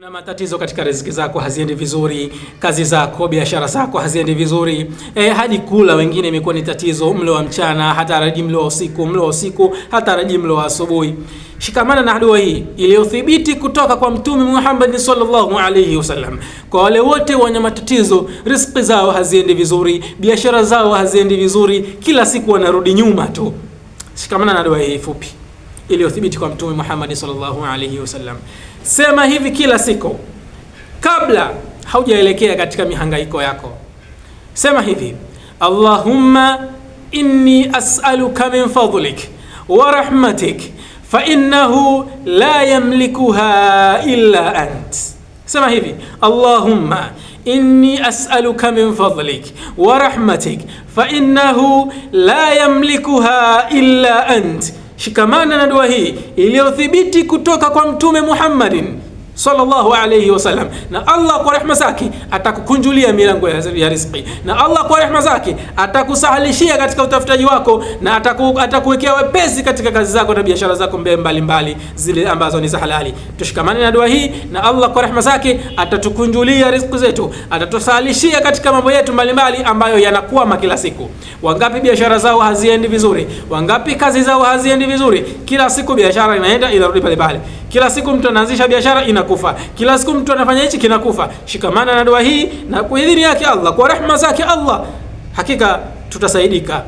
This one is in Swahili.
na matatizo katika riziki zako haziendi vizuri, kazi zako, biashara zako haziendi vizuri e, hadi kula wengine imekuwa ni tatizo. Mlo wa mchana hataraji mlo wa usiku, mlo wa usiku hataraji mlo wa asubuhi. Shikamana na dua hii iliyothibiti kutoka kwa Mtume Muhammad sallallahu alaihi wasallam kwa wale wote wenye matatizo, riziki zao haziendi vizuri, biashara zao haziendi vizuri, kila siku wanarudi nyuma tu. Shikamana na dua hii fupi iliyothibiti kwa Mtume Muhammad sallallahu alaihi wasallam. Sema hivi kila siku kabla haujaelekea katika mihangaiko yako, sema hivi: Allahumma inni as'aluka min fadlik wa rahmatik fa innahu la yamlikuha illa ant. Sema hivi: Allahumma inni as'aluka min fadlik wa rahmatik fa innahu la yamlikuha illa ant Shikamana na dua hii iliyothibiti kutoka kwa Mtume Muhammadin sallallahu alayhi wasallam. Na Allah kwa rehma zake atakukunjulia milango ya riziki, na Allah kwa rehma zake atakusahalishia katika utafutaji wako, na atakuwekea wepesi katika kazi zako na biashara zako mbalimbali mbali, zile ambazo ni za halali. Tushikamane na dua hii, na Allah kwa rehma zake atatukunjulia riziki zetu, atatusahalishia katika mambo yetu mbalimbali mbali ambayo yanakwama kila siku. Wangapi biashara zao haziendi vizuri? Wangapi kazi zao haziendi vizuri? Kila siku biashara inaenda inarudi pale pale. Kila siku mtu anaanzisha biashara inakufa, kila siku mtu anafanya hichi kinakufa. Shikamana na dua hii na kuidhini yake Allah, kwa rahma zake Allah, hakika tutasaidika.